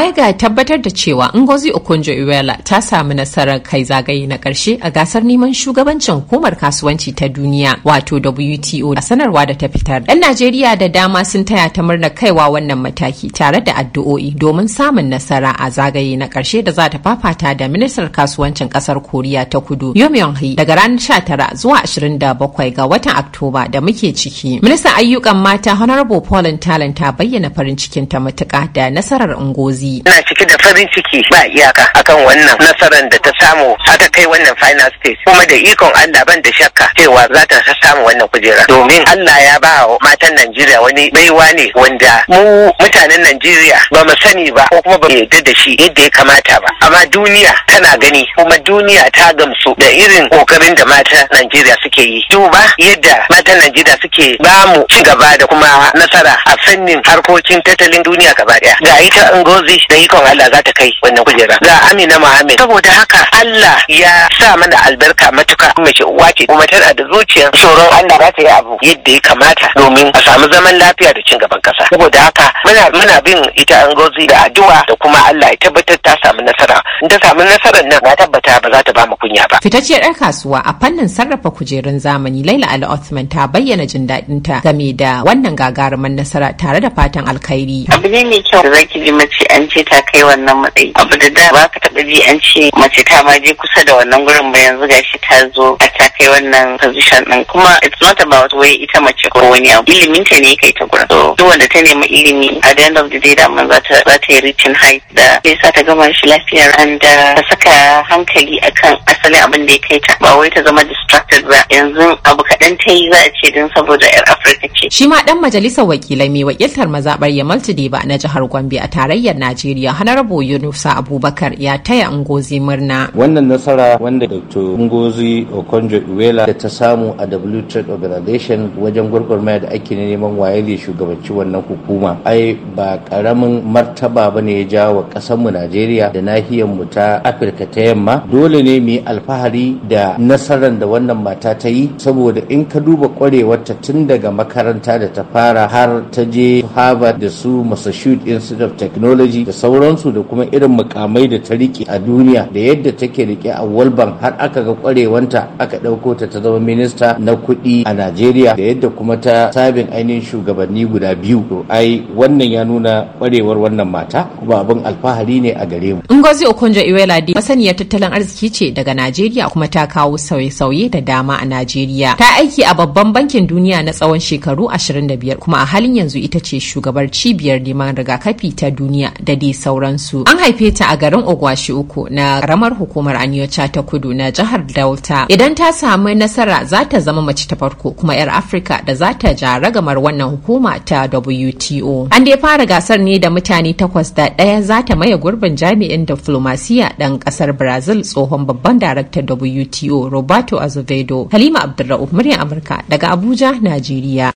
Baya ga tabbatar da cewa Ngozi Okonjo-Iweala ta samu nasarar kai zagaye na karshe a gasar neman shugabancin hukumar kasuwanci ta duniya wato WTO a sanarwa da ta fitar. 'Yan Najeriya da dama sun taya ta murna kaiwa wannan mataki tare da addu'o'i domin samun nasara a zagaye na ƙarshe da za ta fafata da ministar kasuwancin ƙasar Koriya ta Kudu Yomyon hi daga ranar tara zuwa 27 ga watan Oktoba da muke ciki. Ministan ayyukan mata Honorable paulin Talent ta bayyana farin cikin ta matuƙa da nasarar Ngozi yi. na cike da farin ciki ba iyaka akan wannan nasarar da ta samu har ta kai wannan final stage kuma da ikon Allah ban da shakka cewa za ta samu wannan kujera domin Allah ya ba matan Najeriya wani baiwa ne wanda mu mutanen Najeriya ba mu sani ba ko kuma ba mu yarda da shi yadda ya kamata ba amma duniya tana gani kuma duniya ta gamsu da irin kokarin da matan Najeriya suke yi duba yadda matan Najeriya suke ba mu ci gaba da kuma nasara a fannin harkokin tattalin duniya gaba daya ga ita Ngozi shi da ikon Allah za ta kai wannan kujera da Amina Muhammad saboda haka Allah ya sa mana albarka matuka Kuma mace uwa ce kuma tana da zuciya tsoron Allah za ta yi abu yadda ya kamata domin a samu zaman lafiya da cin gaban kasa saboda haka muna muna bin ita an gozi da addu'a da kuma Allah ya tabbatar ta samu nasara in ta samu nasara fitacciyar 'yar kasuwa a fannin sarrafa kujerun zamani laila ali othman ta bayyana jin daɗinta game da wannan gagarumar nasara tare da fatan alkhairi abu ne mai kyau da zaki ji mace an ce ta kai wannan matsayi abu da da ba ka taɓa ji an ce mace ta ma je kusa da wannan gurin ba yanzu gashi ta zo a ta kai wannan position din kuma it's not about wai ita mace ko wani abu ilimin ta ne kai ta gura so duk wanda ta nemi ilimi a the end of the day da man zata zata yi reaching height da zai sa ta gama shi lafiya and uh, ta saka hankali akan asalin abin da ya kai ta ba wai ta zama distracted ba yanzu abu kaɗan ta yi za a ce din saboda yar Afirka ce shi ma dan majalisar wakilai mai wakiltar mazabar Yamal Tudeba na jihar Gombe a tarayyar Najeriya Honorable Yunusa Abubakar ya taya Ngozi murna wannan nasara wanda Dr. Ngozi Okon Andrew Uwela da ta samu a W Trade Organization wajen gwargwarmaya da ake neman waye zai shugabanci wannan hukuma. Ai ba karamin martaba ba ne ya ja wa mu Najeriya da nahiyar mu ta Afirka ta yamma. Dole ne mu yi alfahari da nasarar da wannan mata ta yi saboda in ka duba kwarewarta tun daga makaranta da ta fara har ta je Harvard da su Massachusetts Institute of Technology da sauransu da kuma irin mukamai da ta rike a duniya da yadda take rike a Walban har aka ga kwarewanta aka ɗauko ta ta zama minista na kuɗi a Najeriya da yadda kuma ta sabin ainihin shugabanni guda biyu to ai wannan ya nuna kwarewar wannan mata kuma abin alfahari ne a gare mu. Ngozi Okonjo Iweala masaniyar tattalin arziki ce daga Najeriya kuma ta kawo sauye-sauye da dama a Najeriya. Ta aiki a babban bankin duniya na tsawon shekaru 25 kuma a halin yanzu ita ce shugabar cibiyar neman rigakafi ta duniya da dai sauransu. An haife ta a garin Ogwashi uku na karamar hukumar Anyocha ta kudu na jihar Delta. Idan ta a samu nasara za ta zama mace ta farko kuma 'yar Afirka da za ta ja ragamar wannan hukuma ta WTO. An dai fara gasar ne da mutane takwas da ɗaya za ta maye gurbin jami'in diflomasiya ɗan ƙasar Brazil tsohon babban daraktan WTO Roberto Azevedo. Halima Abdulra'uf muryar Amurka daga Abuja, Najeriya.